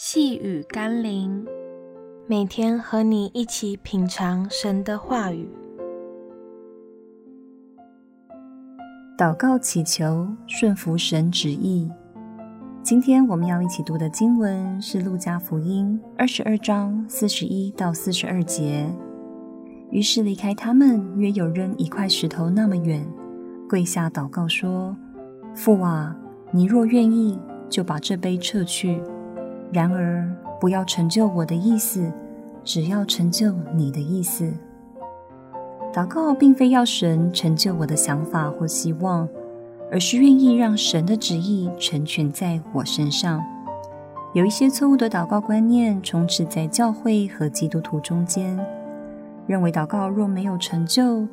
細語甘霖，每天和你一起品嘗神的話語，禱告祈求，順服神旨意。今天我們要一起讀的經文是《路加福音》二十二章四十一到四十二節。於是離開他們約有扔一塊石頭那麼遠，跪下禱告說：“父啊，祢若願意，就把這杯撤去。”然而，不要成就我的意思，只要成就你的意思。禱告並非要神成就我的想法或希望，而是願意讓神的旨意成全在我身上。有一些錯誤的禱告觀念充斥在教會和基督徒中間，認為禱告若沒有成就，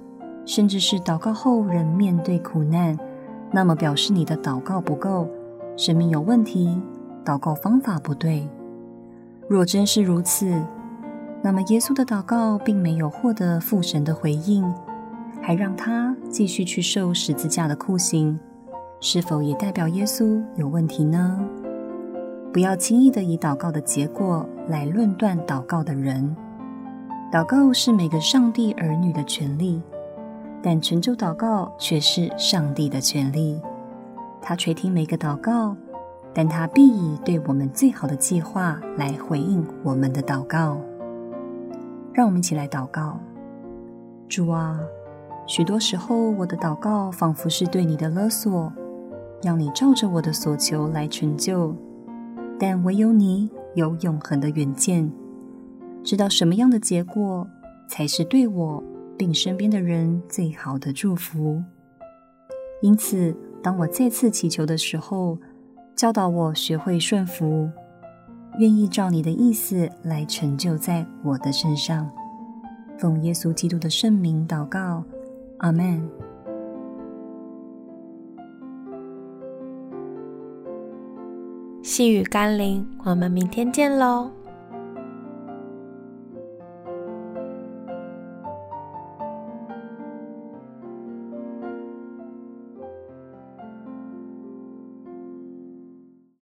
甚至是禱告後仍面對苦難，那麼表示你的禱告不夠，生命有問題。禱告方法不對，若真是如此，那麼耶穌的禱告並沒有獲得父神的回應，還讓他繼續去受十字架的酷刑，是否也代表耶穌有問題呢？不要輕易地以禱告的結果來論斷禱告的人。禱告是每個上帝兒女的權利，但成就禱告卻是上帝的權利，他垂聽每個禱告。但他必以對我們最好的計劃來回應我們的禱告。讓我們一起來禱告：主啊，許多時候我的禱告仿佛是對你的勒索，讓你照着我的所求來成就。但唯有你有永恆的遠見，知道什麼樣的結果才是對我並身邊的人最好的祝福。因此，當我再次祈求的時候，教導我學會順服，願意照你的意思來成就在我的身上。奉耶穌基督的聖名禱告，阿門。細語甘霖，我們明天見嘍。